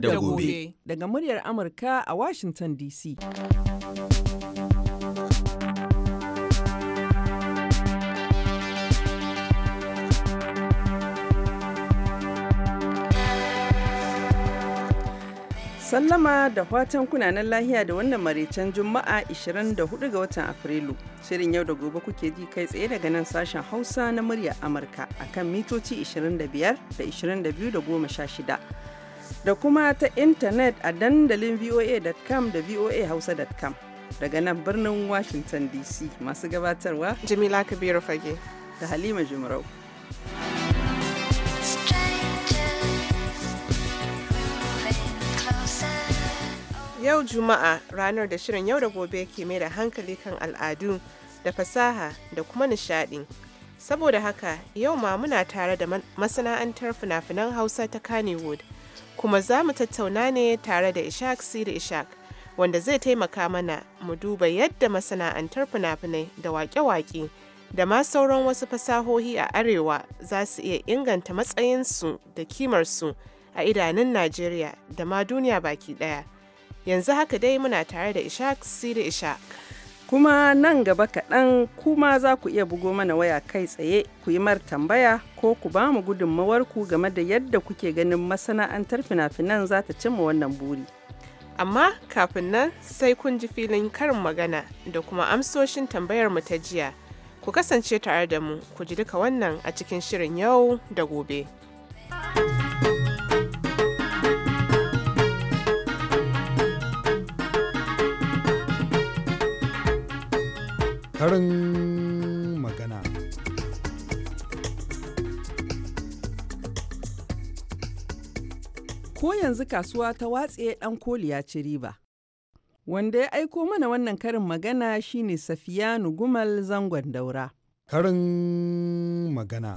da gobe daga muryar Amurka a Washington DC. Sallama da fatan kunanan lahiya da wannan maraicen Juma'a 24 ga watan Afrilu. Shirin yau da gobe kuke ji kai tsaye daga nan sashen Hausa na muryar Amurka akan mitoci 25 da 22 da 16. da kuma ta intanet a dandalin voa.com da voahausa.com daga nan birnin Washington DC masu gabatarwa Jamila Kabiru Fage da Halima Jumrau. Yau Juma'a ranar da shirin yau da gobe ke mai da hankali kan al'adu da fasaha da kuma nishadi. Saboda haka yau ma muna tare da masana'antar fina-finan Hausa ta Kannywood. kuma za mu tattauna ne tare da Ishaq Siri Ishaq wanda zai taimaka mana mu duba yadda masana'antar fina-finai da waƙe-waƙe da ma sauran wasu fasahohi a arewa za su iya inganta matsayinsu da kimarsu a idanun Najeriya da ma duniya baki ɗaya. Yanzu haka dai muna tare da Ishaq Siri Ishaq. kuma nan gaba kaɗan kuma za ku iya bugo mana waya kai tsaye ku yi mar tambaya ko ku ba mu ku game da yadda kuke ganin masana'antar fina-finan za ta cimma wannan buri. Amma kafin nan sai kun ji filin karin magana da kuma amsoshin tambayar mu ta jiya. Ku kasance tare da mu ku ji duka wannan a cikin shirin yau da gobe. karin magana. Ko yanzu kasuwa ta watse ɗan koliya ya ci riba. Wanda ya aiko mana wannan karin magana shine Safiyanu Gumal zangon daura. Karin magana.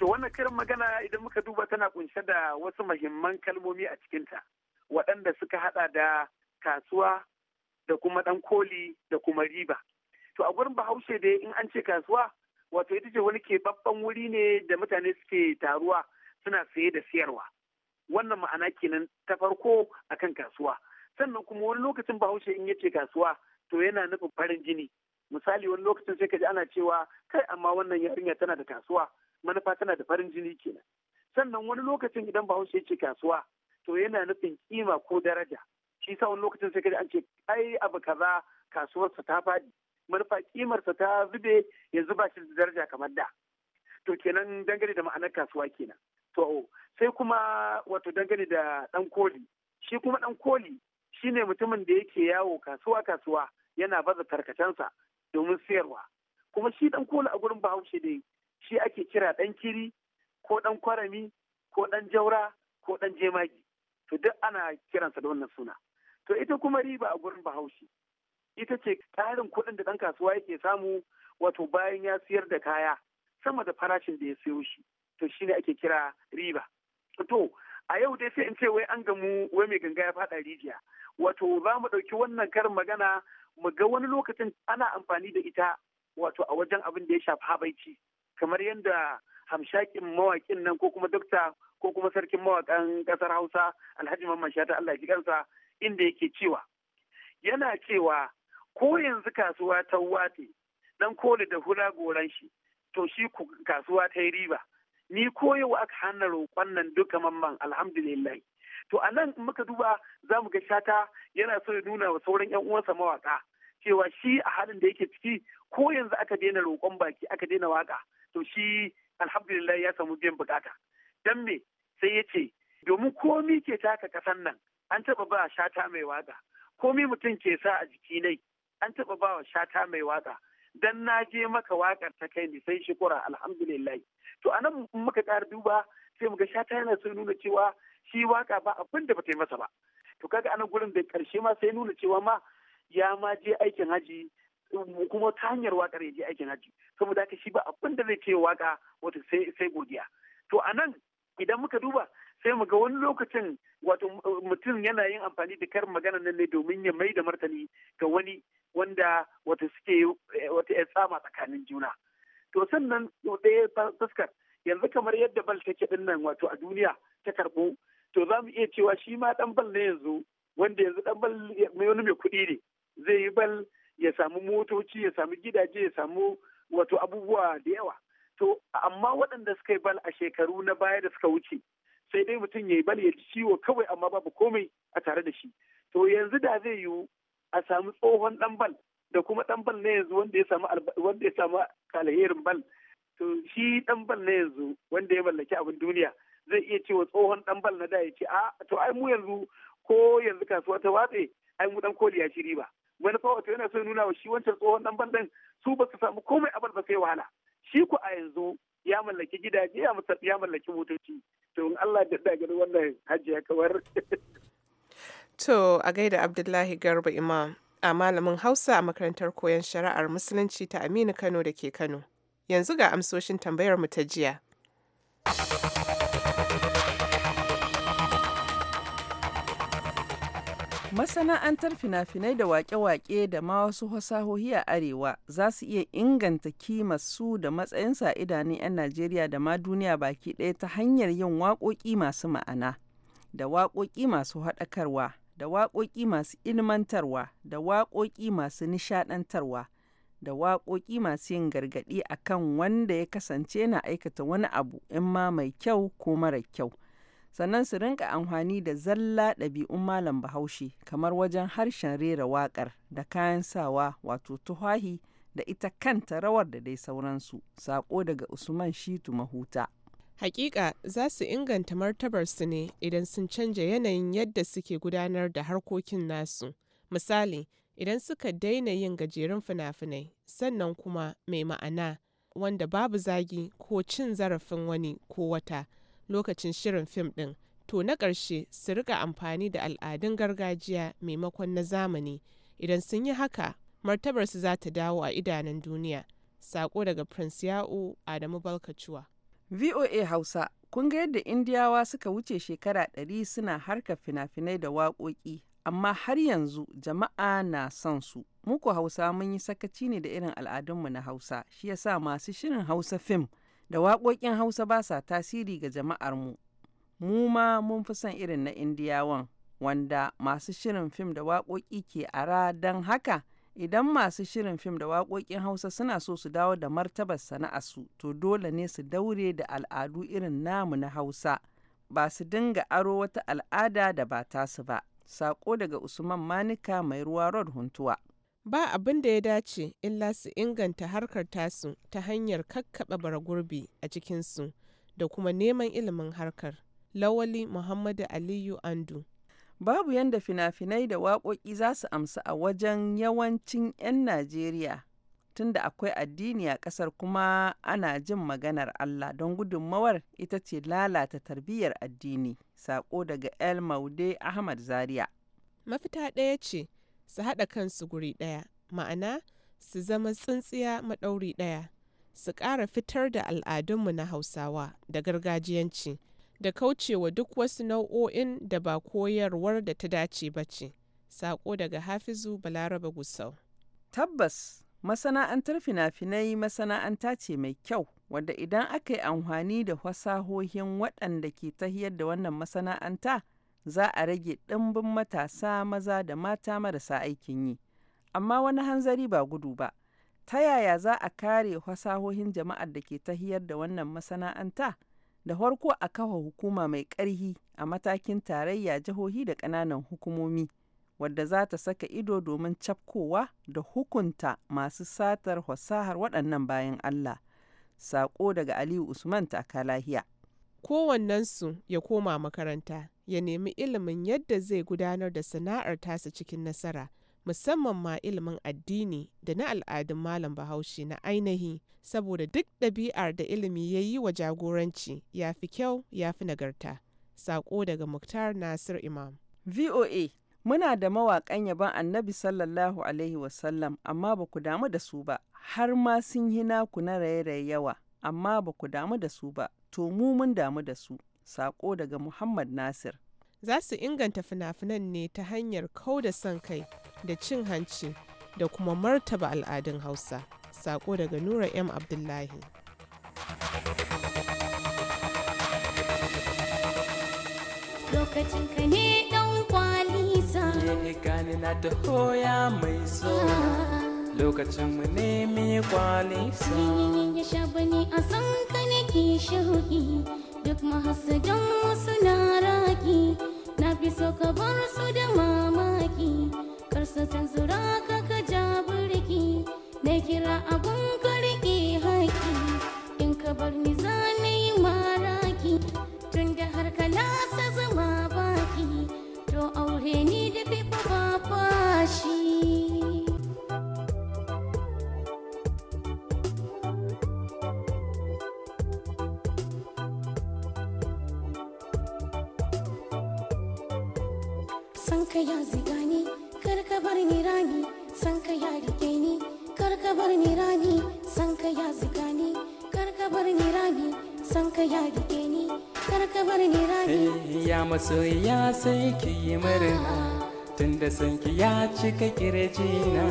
To wannan karin magana idan muka duba tana kunshe da wasu mahimman kalmomi a cikinta. waɗanda suka haɗa da kasuwa da kuma ɗan koli da kuma riba. To a gurin bahaushe dai in an ce kasuwa wato ita ce wani keɓaɓɓen wuri ne da mutane suke taruwa suna saye da siyarwa. Wannan ma'ana kenan ta farko akan kasuwa. Sannan kuma wani lokacin bahaushe in ya ce kasuwa to yana nufin farin jini. Misali wani lokacin sai ka ji ana cewa kai amma wannan yarinya tana da kasuwa manufa tana da farin jini kenan. Sannan wani lokacin idan bahaushe ya ce kasuwa to yana nufin kima ko daraja shi sa wani lokacin sai kaji an ce ai abu kaza kasuwarsa ta faɗi manufa kimarsa ta zube yanzu ba shi da daraja kamar da to kenan dangane da ma'anar kasuwa kenan to sai kuma wato dangane da ɗan koli shi kuma ɗan koli shine mutumin da yake yawo kasuwa kasuwa yana baza tarkacensa domin sayarwa kuma shi ɗan koli a gurin bahaushe dai shi ake kira ɗan kiri ko ɗan kwarami ko ɗan jaura ko ɗan jemagi to duk ana kiransa da wannan suna to ita kuma riba a gurin bahaushe ita ce tarin kuɗin da ɗan kasuwa yake samu wato bayan ya siyar da kaya sama da farashin da ya siyo shi to shi ne ake kira riba to a yau dai sai in ce wai an gamu wai mai ganga ya faɗa rijiya wato za mu ɗauki wannan karin magana mu ga wani lokacin ana amfani da ita wato a wajen abin da ya shafi habaici kamar yadda hamshakin mawakin nan ko kuma dokta ko kuma sarkin mawakan kasar hausa alhaji mamman shata allah kansa inda yake cewa yana cewa ko yanzu kasuwa ta wate dan koli da hula goran shi to shi kasuwa ta yi riba ni ko yau aka hana roƙon nan duka mamman alhamdulillah to a nan muka duba za mu ga shata yana so ya nuna wa sauran yan uwansa mawaka cewa shi a halin da yake ciki ko yanzu aka daina roƙon baki aka daina waka to shi alhamdulillah ya samu biyan bukata dan me sai ya ce domin komi ke taka kasan nan an taba ba shata mai waka komi mutum ke sa a jiki nai an taba ba shata mai waka dan na je maka wakar ta kai ni sai shukura alhamdulillah to anan muka ƙara duba sai muga shata yana so nuna cewa shi waka ba abin da ba ta yi masa ba to kaga anan gurin da karshe ma sai nuna cewa ma ya ma je aikin haji kuma ta hanyar waƙar ya je aikin hajji saboda haka shi ba abin da zai ce waƙa wato sai godiya to a nan idan muka duba sai mu ga wani lokacin wato mutum yana yin amfani da karin magana nan ne domin ya mai da martani ga wani wanda wato suke wato ya tsama tsakanin juna to sannan ɗaya fuskar yanzu kamar yadda bal take din nan wato a duniya ta karɓo to za mu iya cewa shi ma ɗan bal ne yanzu wanda yanzu ɗan bal wani mai kuɗi ne zai yi bal ya samu motoci ya samu gidaje ya samu wato abubuwa da yawa to amma waɗanda suka yi bal a shekaru na baya da suka wuce sai dai mutum ya yi bal ya ji ciwo kawai amma babu komai a tare da shi to yanzu da zai yiwu a samu tsohon ɗan bal da kuma ɗan bal na yanzu wanda ya samu wanda ya samu kalahirin bal to shi ɗan bal na yanzu wanda ya mallaki abin duniya zai iya cewa tsohon ɗan bal na da ya ce a to ai mu yanzu ko yanzu kasuwa ta watse ai mu ɗan koli ya ba. ba manufa wato yana so ya nuna wa shi wancan tsohon dan bandan su ba su samu komai bar ba sai wahala shi ku a yanzu ya mallaki gidaje ya ya mallaki motoci to in Allah da daga wannan hajji ya kawar to a gaida Abdullahi Garba Imam a malamin Hausa a makarantar koyon shari'ar musulunci ta Aminu Kano da ke Kano yanzu ga amsoshin tambayar mu ta jiya Masana'antar fina-finai da waƙe-waƙe da ma wasu fasahohi a Arewa za su iya inganta kimar su da matsayinsu a idanun 'yan Najeriya da ma duniya baki ɗaya ta hanyar yin waƙoƙi masu ma'ana, da waƙoƙi masu haɗakarwa, da waƙoƙi masu ilmantarwa, da waƙoƙi masu nishaɗantarwa, da waƙoƙi masu yin gargaɗi akan wanda ya kasance na aikata wani abu in ma mai kyau ko mara kyau. sannan su rinka amfani da zalla ɗabi'un malam bahaushe kamar wajen harshen rera waƙar da kayan sawa wato tuhahi da ita kanta rawar da dai sauransu sako daga usman shitu mahuta hakika za su inganta su ne idan sun canja yanayin yadda suke gudanar da harkokin nasu misali idan suka daina yin gajerun fina-finai sannan kuma mai ma'ana wanda babu zagi ko cin zarafin wani ko wata lokacin shirin fim ɗin to na ƙarshe su rika amfani da al'adun gargajiya maimakon na zamani idan sun yi haka martabarsu za ta dawo a idanun duniya sako daga prince ya'u adamu balkacuwa voa hausa kun ga yadda indiyawa suka wuce shekara ɗari suna harka fina-finai da waƙoƙi amma har yanzu jama'a na son su muku hausa mun yi sakaci ne da irin al'adunmu na hausa shi yasa masu shirin hausa fim da waƙoƙin hausa ba sa tasiri ga jama'ar mu ma mun fi son irin na indiyawan wanda masu shirin fim da waƙoƙi ke ara don haka idan masu shirin fim da waƙoƙin hausa suna so su dawo da martabar sana'a su to dole ne su daure da al'adu irin namu na hausa ba su dinga aro wata al'ada da ba tasu ba sako daga usman manika mai ruwa rod huntuwa Ba abin da ya dace illa su inganta harkar tasu ta hanyar kakkaɓe baragurbi gurbi a cikinsu da kuma neman ilimin harkar. Lawali Muhammadu Aliyu Andu Babu yadda fina-finai da waƙoƙi za su amsa a wajen yawancin 'yan Najeriya tunda akwai addini a ƙasar kuma ana jin maganar Allah don gudunmawar ita ce lalata tarbiyyar addini. Sako daga El Maude Ahmad Zaria. Mafita ɗaya ce su haɗa kansu guri ɗaya ma'ana su zama tsintsiya maɗauri ɗaya su ƙara fitar da al'adunmu na hausawa da gargajiyanci da kaucewa duk wasu nau'o'in da ba koyarwar da ta dace ba ce saƙo daga hafizu balaraba gusau tabbas masana'antar fina-finai masana'anta ce mai kyau wadda idan aka yi amfani da fasahohin waɗanda ke tahiyar da wannan masana'anta za a rage ɗimbin matasa maza da mata marasa aikin yi. Amma wani hanzari ba gudu ba, ta yaya za a kare fasahohin jama'ar da ke tahiyar da wannan masana'anta? Da farko a kafa hukuma mai ƙarhi a matakin tarayya jihohi da ƙananan hukumomi, wadda za ta saka ido domin cafkowa da hukunta masu satar fasahar waɗannan bayan Allah. Sako daga Aliyu Usman lahiya. kowannensu ya koma makaranta ya nemi ilimin yadda zai gudanar da sana'ar tasa cikin nasara musamman ma ilimin addini da na al'adun malam bahaushe na ainihi saboda duk ɗabi'ar da ilimi ya yi wa jagoranci ya fi kyau ya fi nagarta saƙo daga muktar nasir imam voa muna da mawaƙan yaban annabi sallallahu alaihi wasallam amma ba ku damu da su ba har ma sun yi naku na raye-raye yawa amma ba ku damu da su ba to mu mun damu da su sako daga muhammad nasir za su inganta fina-finan ne ta hanyar kau da son kai da cin hanci da kuma martaba al'adun hausa sako daga nura m abdullahi lokacin ka ne dan kwalisa ne gani na da hoya mai so ah. lokacin ne mai kwalisa shauki duk mahassadan wasu na raki na fi so ka bar su da mamaki kar su ka ka ja burki na kira abun ka riƙe haƙi in ka bar ni ka ya duke ni kar ka bar ni rani ya masoyiya sai ki yi murna tunda san ki ya cika kirji na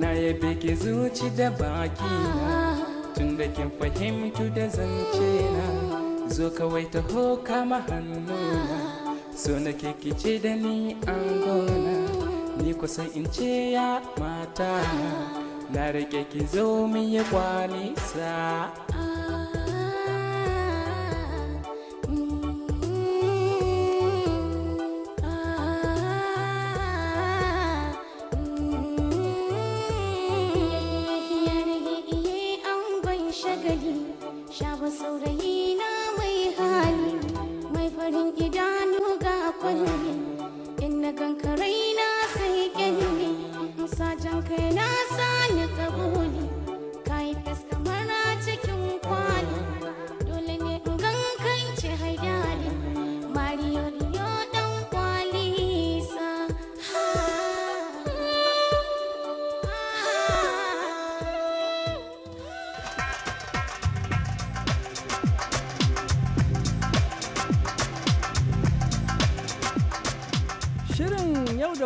na yabe ki zuci da baki na tunda kin fahimtu da zance na zo kawai taho kama hannuna so na kikice da ni an gona ni kusan in ce ya mata na rike ki zo min ya kwalisa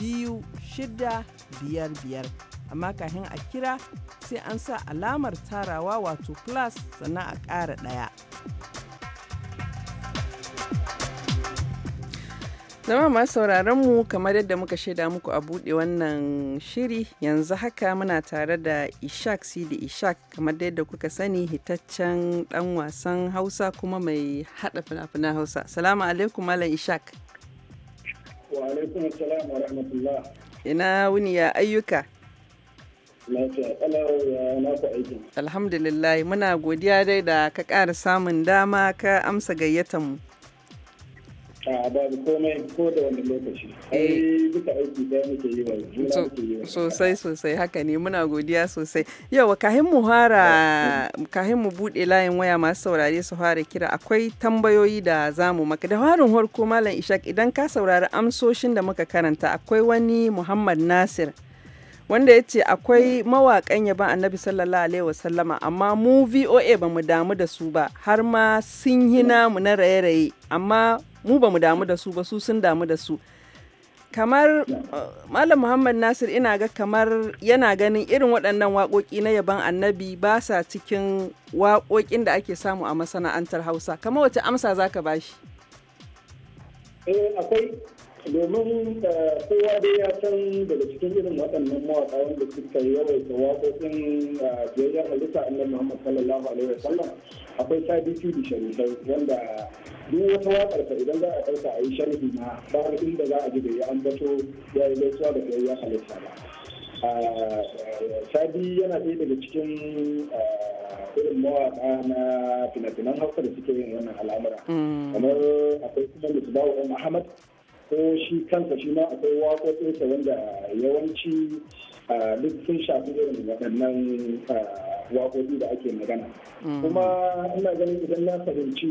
biyu shida biyar amma kafin a kira sai an sa alamar tarawa wato plus sannan a ƙara ɗaya. zama masu sauraron mu kamar yadda muka shaida muku a buɗe wannan shiri yanzu haka muna tare da ishak sidi ishak kamar yadda kuka sani hitaccen ɗan wasan hausa kuma mai haɗa fina-finan hausa salamu alaikum malam ishak Wa alaikum salam wa rahmatullah. Ina wuni ya ayyuka. Alhamdulillah muna godiya dai da ka ƙara samun dama ka amsa gayyatanmu. mu. babu sosai sosai haka ne muna godiya sosai yawa kahin mu hara kahin mu bude layin waya masu saurare su fara kira akwai tambayoyi da zamu maka da harin harko malam ishak idan ka saurari amsoshin da muka karanta akwai wani muhammad nasir wanda ya ce akwai mawaƙan yaban annabi sallallahu alaihi wasallama amma mu voa ba mu damu da su ba har ma sun yi namu na raye-raye amma mu ba mu damu da su ba su sun damu da su kamar malam muhammad nasir ina ga kamar yana ganin irin waɗannan waƙoƙi na yaban annabi ba sa cikin waƙoƙin da ake samu a masana'antar hausa kamar wace amsa za ka ba shi eh, domin eh, kowa dai ya san daga cikin irin waɗannan mawaƙa wanda suka yi da waƙoƙin eh, biyayyar halitta annabi muhammad sallallahu alaihi wa sallam akwai sabi da sharifai wanda duk wata ta idan za a ɗauka a yi sharhi na babu inda za a ji ya an ambato ya yi gaisuwa da biyayyar halitta ba ah, eh, sabi yana ɗaya daga cikin irin mawaƙa na fina-finan hausa da suke yin wannan al'amura mm. kamar akwai kuma musu bawa muhammad. ko shi kansa shi ma akwai waƙoƙinsa wanda yawanci duk sun shafi irin waɗannan waƙoƙi da ake magana mm. kuma ina ganin idan na fahimci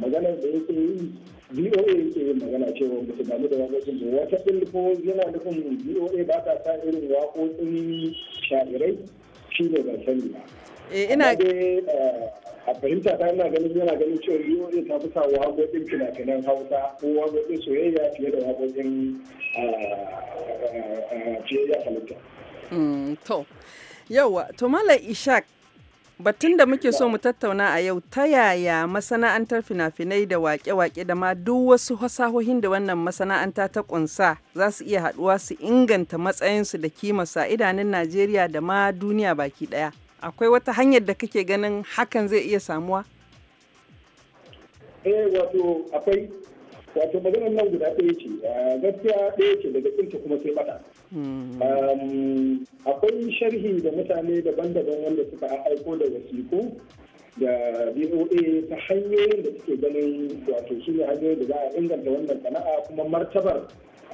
maganar da yake yi voa yake yin magana cewa ba su damu da waƙoƙin su wata ko yana nufin voa ba ta sa irin waƙoƙin shahirai shi ne ban sani ba eh, a fahimta ta yana ganin yana ganin cewa yiwu ta fi sa waƙoƙin fina-finan hausa ko waƙoƙin soyayya fiye da waƙoƙin ah, ah, ah, fiye da halitta. Hmm, to yawa to Mala ishak batun da muke so mu tattauna a yau ta yaya masana'antar fina-finai da wake-wake da ma duk wasu fasahohin da wannan masana'anta ta kunsa za su iya haɗuwa su inganta matsayinsu da kimarsa idanun najeriya da ma duniya baki ɗaya. akwai wata hanyar da kake ganin hakan zai iya samuwa eh wato akwai wato maganar nan guda ɗaya ce ah, gaskiya ɗaya ce daga tsinta kuma sai bata hmm. akwai sharhi da mutane daban-daban wanda suka aiko da wasiku da BOA ta hanyoyin da suke ganin wato su ne hanyoyin da za a inganta wannan sana'a kuma martabar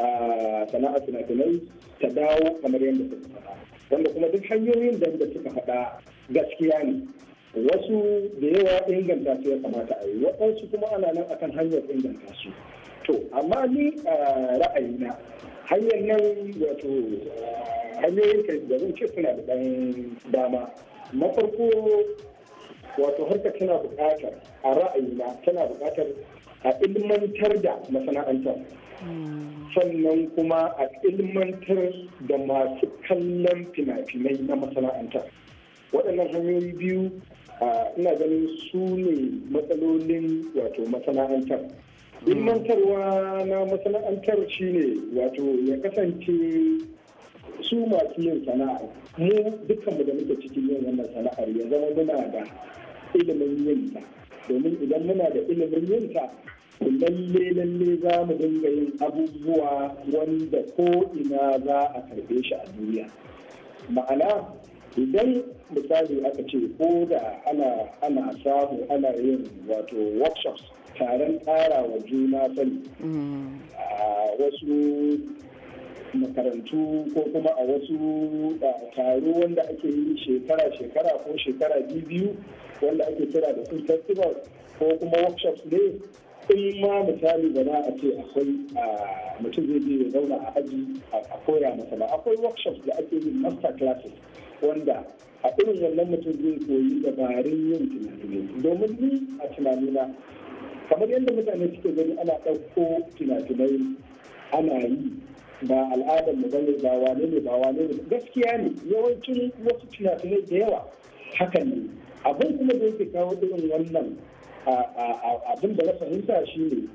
ah, sana'a fina-finai ta dawo kamar yadda suka faɗa wanda kuma duk hanyoyin da suka faɗa gaskiya ne wasu da yawa inganta su ya kamata a yi waɗansu kuma ana nan akan hanyar inganta su to amma ni a ra'ayina hanyar nan wato hanyoyin kai da zan ce suna da ɗan dama na farko wato harka tana buƙatar a ra'ayina tana buƙatar a ilmantar da masana'antar sannan kuma a ilmantar da masu kallon fina-finai na masana'anta waɗannan hanyoyi biyu ina ganin su ne matsalolin wato masana'antar hmm. ilmantarwa na masana'antar shine wato ya kasance su masu yin sana'a mu dukkan da muke cikin yin wannan sana'ar ya zama muna da ilimin yinta. domin idan muna da ilimin yinta. lalle lalle za mu dinga yin abubuwa wanda ko ina za a karɓe shi a duniya ma'ana idan misali aka ce ko da ana samu ana yin wato workshops taron tsara wa juna sani mm. a wasu makarantu ko kuma a wasu taro wanda ake yi shekara-shekara ko shekara biyu wanda ake kira da festival ko kuma workshops ne in ma misali ba za a ce akwai mutum zai je ya zauna a aji a koya masa ba akwai workshop da ake yin master classes wanda a irin wannan mutum zai koyi dabarun yin tunani domin ni a tunanina kamar yadda mutane suke gani ana ɗauko tunatunai ana yi ba al'adar mu bane ba wane ne ba wane ne gaskiya ne yawancin wasu tunatunai da yawa hakan ne abin kuma da yake kawo irin wannan abin da na fahimta shi ne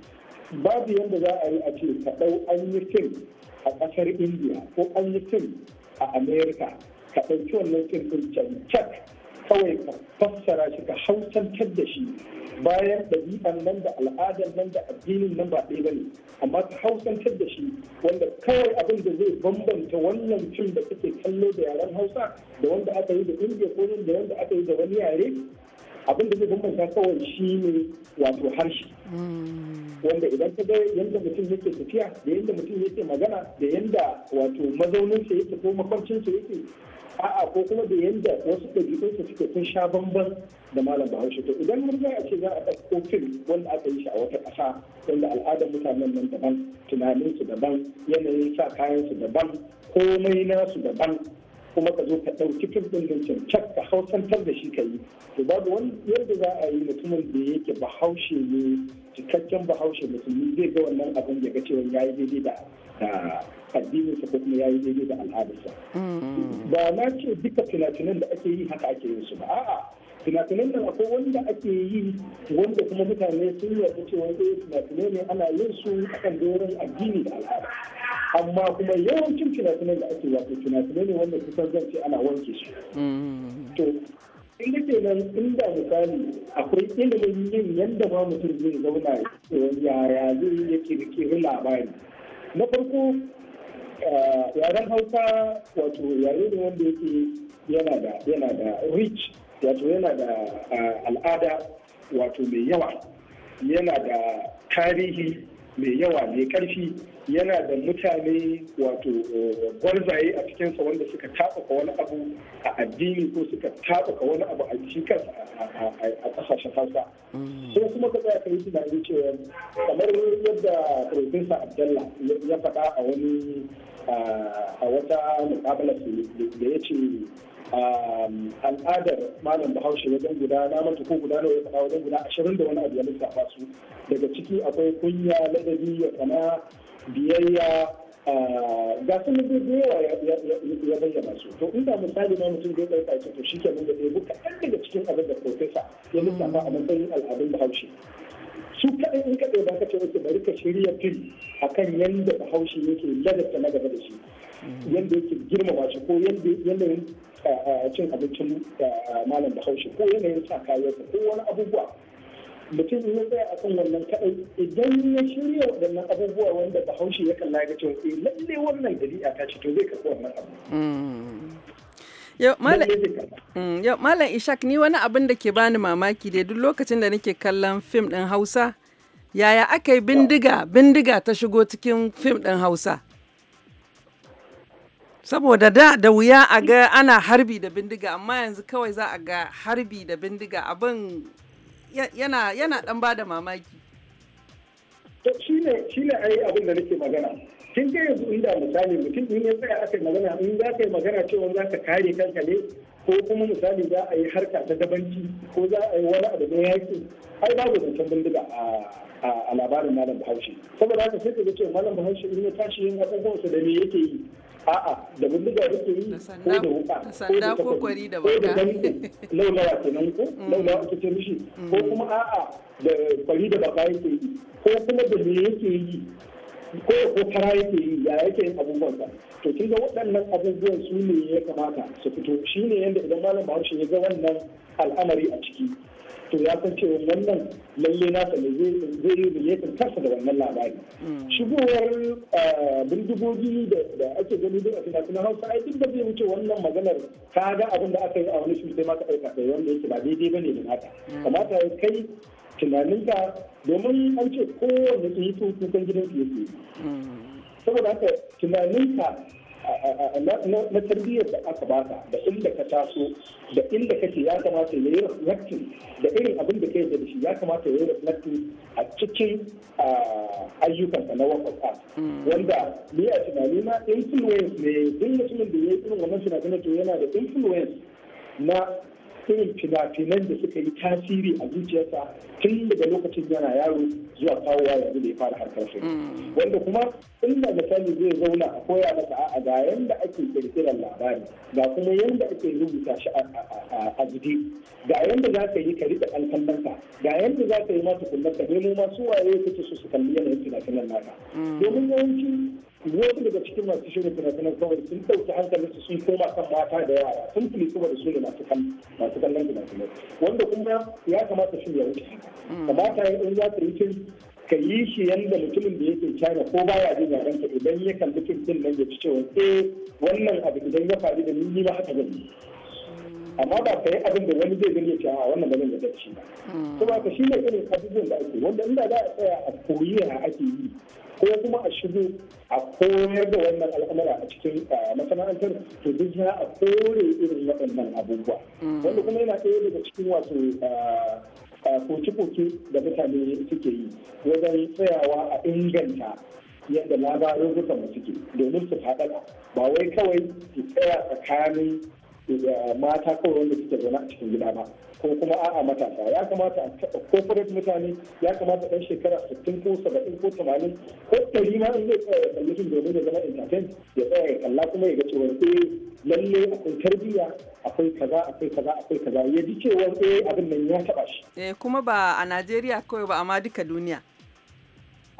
babu yadda za a yi a ce ka ɗau an yi fim a ƙasar indiya ko an yi fim a amerika ka ɗauki wannan fim ɗin cancak kawai ka fassara shi ka hausantar da shi bayan ɗabi'an nan da al'adar nan da addinin nan ba ɗaya ba ne amma ka hausantar da shi wanda kawai abin da zai bambanta wannan fim da kake kallo da yaren hausa da wanda aka yi da indiya ko da wanda aka yi da wani yare abin da zai bambanta kawai shi ne wato harshe wanda idan ka ga yadda mutum yake tafiya da yadda mutum yake magana da yadda wato mazauninsa yake ko makwancinsa yake a'a ko kuma da yadda wasu ɗabi'unsa suke sun sha bamban da malam bahaushe to idan mun za a ce za a ɗauko fil wanda aka yi shi a wata ƙasa wanda al'adar mutanen nan daban tunaninsu daban yanayin sa kayansu daban komai nasu daban kuma ka zo ka ɗauki fim ɗin cak ka hausantar da shi ka yi to babu wani yadda za a yi mutumin da ya yake bahaushe ne cikakken bahaushe musulmi zai ga wannan abin ya ga cewa ya yi daidai da addininsa ko kuma ya yi daidai da al'adarsa mm. ba na ce duka tunatunan da ake yi haka ake yin su ba a'a fina-finan akwai wanda ake yi wanda kuma mutane sun wata cewa eh fina ne ana yin su a kan doron addini da al'ada amma kuma yawancin fina da ake wato fina ne wanda kusan zan ce ana wanke su mm-hmm. to in da ke nan inda misali akwai ilimin yin yadda ma mutum zai zauna yaya zai da kirkiri labari na farko eh, yaren hausa wato yare ne wanda yake yana yana da rich wato yana da al'ada wato mai yawa yana da tarihi mai yawa mai karfi yana da mutane wato eh, gwarzaye a cikinsa wanda suka taɓuka wani abu a addini ko suka taɓuka wani abu a cikin a ƙasashen hausa mm. ko kuma ka tsaya kai tunanin cewa kamar yadda profesa abdalla ya faɗa a wani a wata muƙabalar da ya ce Um, al'adar malam bahaushe wajen guda na mata ko guda nawa ya faɗa wajen guda ashirin da wani abu ya lissafa su daga ciki akwai kunya ladabi ya kama biyayya uh, ga sun da yawa ya bayyana su to inda misali na mutum zai ɗauka ce to shi ke mun ɗaya buka kaɗan daga cikin abin da profesa ya lissafa a matsayin al'adun bahaushe su kaɗai in kaɗai ba ka ce bari ka shirya fim akan yadda bahaushe yake ladabta na gaba da shi yadda yake girmama shi ko yanayin cin abincin malam haushi ko yanayin sa kayansa ko wani abubuwa mutum in ya tsaya a kan wannan kadai idan ya shirya waɗannan abubuwa wanda haushi ya kalla ga cewa eh lalle wannan dabi'a ta ce to zai karɓi wannan abu. Mm. Yau mm, Malam Ishak ni wani abin da ke bani mamaki dai duk lokacin da nake kallon fim ɗin Hausa yaya aka yi bindiga bindiga ta shigo cikin fim ɗin Hausa. saboda da da wuya a ga ana harbi da bindiga amma yanzu kawai za a ga harbi da bindiga abin yana yana dan da mamaki ne shine ai abin da nake magana kin ga yanzu inda misali mutum in ya tsaya aka magana in za ka yi magana cewa za ka kare kanka ne ko kuma misali za a yi harka ta dabanci ko za a yi wani abu na yaƙi ai babu zancen bindiga a labarin malam bahaushe saboda haka sai ka ga cewa malam bahaushe in ya tashi yin su da me yake yi a'a da bindiga yake yi ko da wuka ko da kwari da baka ko da danko laulawa nan ko mm. laulawa ake ce mishi ko mm. kuma a'a da kwari da baka yake yi ko kuma da me yake yi ko ko fara yake yi ya yake yin abubuwan ba to kin ga waɗannan abubuwan su ne ya kamata su fito shi ne yadda idan malam Bahaushe ya ga wannan al'amari a ciki to ya san cewa wannan lalle nasa ne zai yi riletin kansa da wannan labari hmm. shigowar eh, bindigogi da ake gani da a fina hausa ai duk da zai wuce wannan maganar ka ga abin da aka yi a wani shi sai ma ka ɗauka kai wanda yake ba daidai ba ne da mata hmm. kamata ya kai tunaninka domin an ce kowane yi kukan gidan su yake saboda haka tunaninka na tarbiyyar da aka baka da inda ka taso da inda kake ya kamata ya yi reflecting da irin abin da kai da shi ya kamata ya yi reflecting a cikin ayyukanka na work of wanda ni a tunani na influence ne duk mutumin da ya yi irin wannan tunanin to yana da influence na irin fina-finan da suka yi tasiri a zuciyarsa tun daga lokacin yana yaro zuwa kawowa yanzu da ya fara harkar sai mm. wanda kuma inda misali zai zauna a koya masa a ga yanda ake kirkirar labari ga kuma yanda ake rubuta shi a jiki ga yanda za ka yi ka riƙe ɗan ga yanda za ka yi masu kullum ka nemo masu waye kake so su kalli yanayin fina-finan naka mm. domin yawanci wani daga cikin masu shirya fina-finan kawai sun ɗauki su sun koma kan mata da yara sun fili kuma da su ne masu kallon fina wanda kuma ya kamata shi ya wuce mm. kamata ya in za ta yi ka yi shi yadda mutumin da yake china ko baya jin yaren ka idan ya kalli fim din nan ya ci cewa eh wannan abu idan ya faru da ni ba haka zan amma ba ka yi abin da wani zai zai cewa a wannan ba zan da shi ba hmm. ka shi ne irin abubuwan da ake wanda inda za a tsaya a koyi a ake yi ko kuma a shigo a koyar da wannan al'amura a cikin masana'antar to duk ya a kore irin waɗannan abubuwa hmm. wanda kuma yana ɗaya daga cikin wato koke-koke da mutane suke yi wajen tsayawa a inganta yadda labarin mu suke domin su faɗaɗa ba wai kawai su tsaya tsakanin mata kawai wanda suke zaune a cikin gida ba ko kuma a'a matasa ya kamata a taɓa corporate mutane ya kamata ɗan shekara 60 ko 70 ko 80 ko 100 ma in zai tsaya da kalli domin ya zama entertain ya tsaya ya kalla kuma ya ga cewa eh lalle akwai tarbiyya akwai kaza akwai kaza akwai kaza ya ji cewa eh abin nan ya taɓa shi. Eh, kuma ba a Najeriya kawai ba amma duka duniya.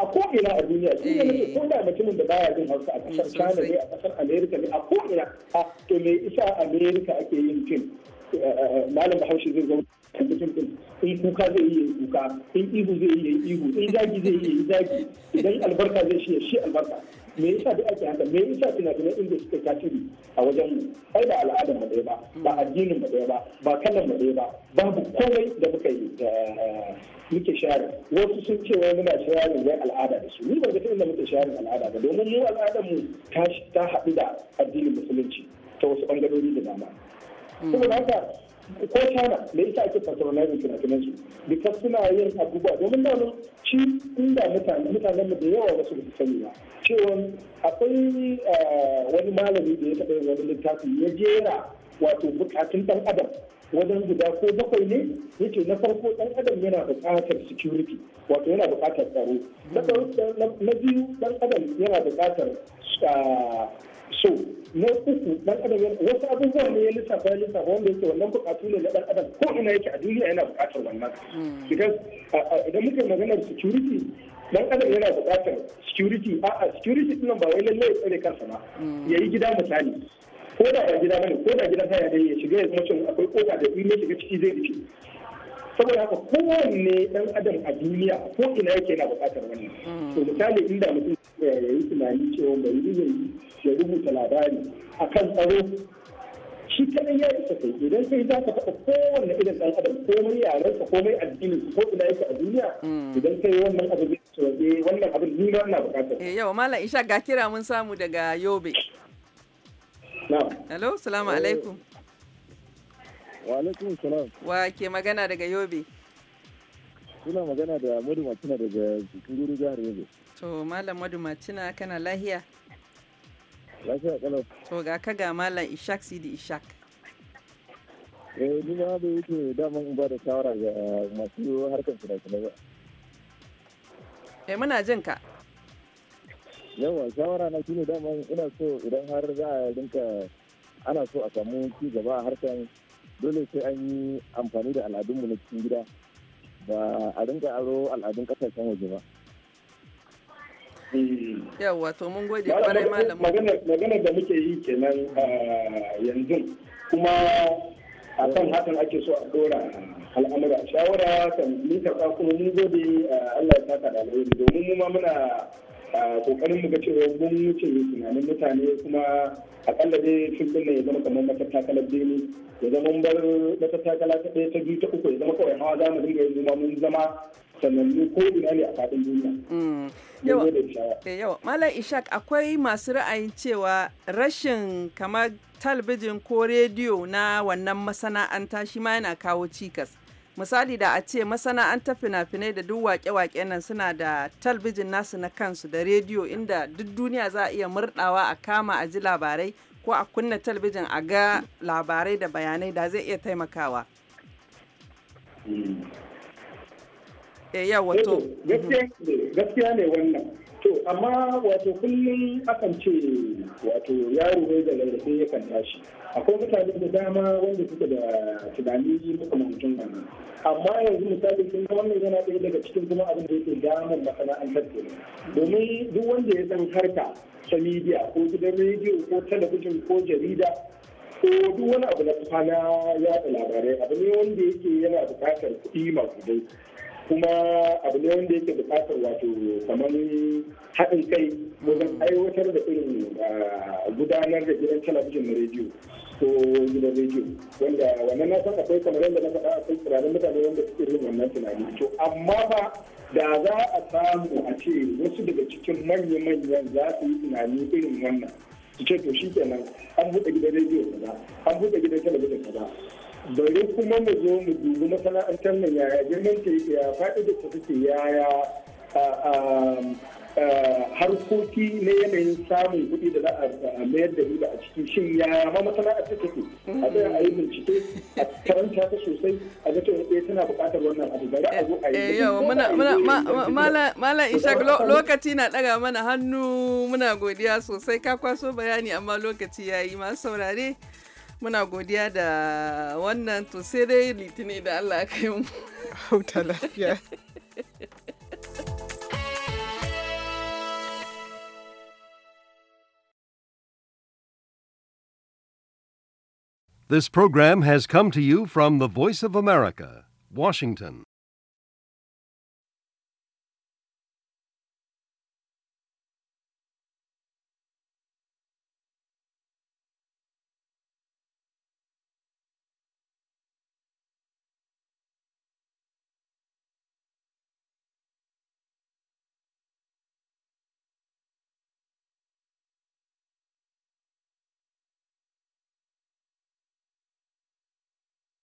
a ko ina a duniya shi ne eh. ko da mutumin da baya jin hausa a kasar eh, china ne a kasar america ne a ko ina a to me isa america ake yin fim eh, malam bahaushe zai zo mutum din in kuka zai yi kuka in ihu zai yi ihu in zagi zai yi zagi idan albarka zai shi shi albarka me yasa da ake haka me yasa fina-finan inda suka tasiri a wajen mu ai ba al'adar mu ɗaya ba ba addinin mu ɗaya ba ba kallon mu ɗaya ba babu komai da muka yi eh, muke share wasu sun ce wai muna share wai al'ada da su ni ba ga da muke share al'ada ba domin mu al'adar mu ta haɗu da addinin musulunci ta wasu bangarori da dama hmm. saboda haka ko china da isa ake patronizing fina-finan su because suna yin abubuwa domin wani shi inda mutane mutanen da yawa wasu da sani ba cewa akwai eh, wani malami da ya taɓa yin wani littafi ya jera wato bukatun ɗan adam wajen guda ko bakwai ne yake na farko dan adam yana buƙatar security wato yana buƙatar tsaro na biyu dan adam yana buƙatar ah, so na uku dan adam wasu abubuwa ne ya lissafa ya lissafa wanda yake wannan buƙatu ne na dan adam ko ina yake a duniya yana buƙatar wannan hmm. because ah, ah, idan muke maganar security dan adam yana buƙatar security a'a a security din ba wai lalle ya tsare kansa ba hmm. yayi gida misali ko da ba gida bane ko da gidan haya ne ya shiga ya zama cin akwai kofa da in ya shiga ciki zai rufe saboda haka kowanne dan adam a duniya ko ina yake yana buƙatar wannan to misali inda mutum eh, ya yi tunani cewa mai yin ya rubuta labari a kan tsaro shi kadai ya isa kai idan sai za ka taɓa kowanne irin dan adam komai yarensa komai addinin ko ina yake a duniya mm. idan kai wannan abin zai eh, wannan abin ni ma bukatar eh, yawa malam isha ga kira mun samu daga yobe. Hello, salamu eh, alaikum. Wa alaikum salam. Wa ke magana daga Yobe? Suna magana da Madu Macina daga Kunguru jihar Yobe. To, Malam Madu Macina kana lahiya? Lafiya kalau. To, ga ka ga Malam Ishak Sidi Ishak. Eh, ni ma bai yake daman ba da shawara ga masu harkar fina-finai ba. Eh, muna jin ka. yawa shawara na shine daman ina so idan har za a rinka ana so a samu ci gaba a harkar dole sai an yi amfani da al'adunmu na cikin gida ba a rinka aro al'adun kasashen waje ba yawa to mun gode kwarai malamu magana da muke yi kenan yanzu kuma a kan hakan ake so a dora al'amura shawara kan ni karɓa kuma mun gode Allah ya saka da alheri domin mu ma muna kokarin mu ga cewa mun wuce tunanin mutane kuma akalla dai fim din ya zama kamar takalar jini ya zama mun bar takala ta ɗaya ta biyu ta uku ya zama kawai hawa za mu dinga yanzu ma mun zama sanannu ko ina ne a faɗin duniya. Mm. Eh, yawa, Malam Ishak akwai masu ra'ayin cewa rashin kamar talabijin ko rediyo na wannan masana'anta shi ma yana kawo cikas. misali da a ce masana'antar fina-finai da duk wake-wake nan suna da talbijin nasu na kansu da rediyo inda duk duniya za a iya murdawa a kama a ji labarai ko a kunna talbijin a ga labarai da bayanai da zai iya taimakawa hmm. eh, eh, gaskiya ne wannan To, amma wato kullum akan ce wato yaro ne da ya yakan tashi. Akwai mutane da dama wanda suka da tunani mutum ba Amma yanzu misali sun wannan yana ɗaya daga cikin kuma abin da yake damar masana'antar ke. Domin duk wanda ya san harka ta midiya ko gidan rediyo ko talabijin ko jarida ko duk wani abu na kwana yaɗa labarai abu ne wanda yake yana buƙatar kuɗi masu dai. kuma abu ne wanda yake bukatar wato kamar haɗin kai wajen aiwatar da irin ah, gudanar da gidan talabijin na rediyo ko gidan rediyo wanda wannan na san akwai kamar yadda na faɗa a kai tsirarin mutane wanda suke yin wannan tunani to amma ba da za a samu a ce wasu daga cikin manya-manyan za su yi tunani irin wannan su ce to shi kenan an buɗe gidan rediyo kaza an buɗe gidan talabijin kaza bari kuma mu zo mu dubi masana'antar nan yaya girman ta ya faɗi da ta take yaya harkoki na yanayin samun kuɗi da za a mayar da da a ciki shin ya ma masana'antar take a zai a yi bincike a karanta ta sosai a ga cewa ɗaya eh, tana buƙatar wannan abu bari a zo a yi eh, mala ishak lokaci na ɗaga mana hannu muna godiya sosai ka kwaso bayani amma lokaci ya yi masu saurare muna godiya da wannan to sai dai litinin da Allah mu hauta lafiya This program has come to you from the Voice of America, Washington.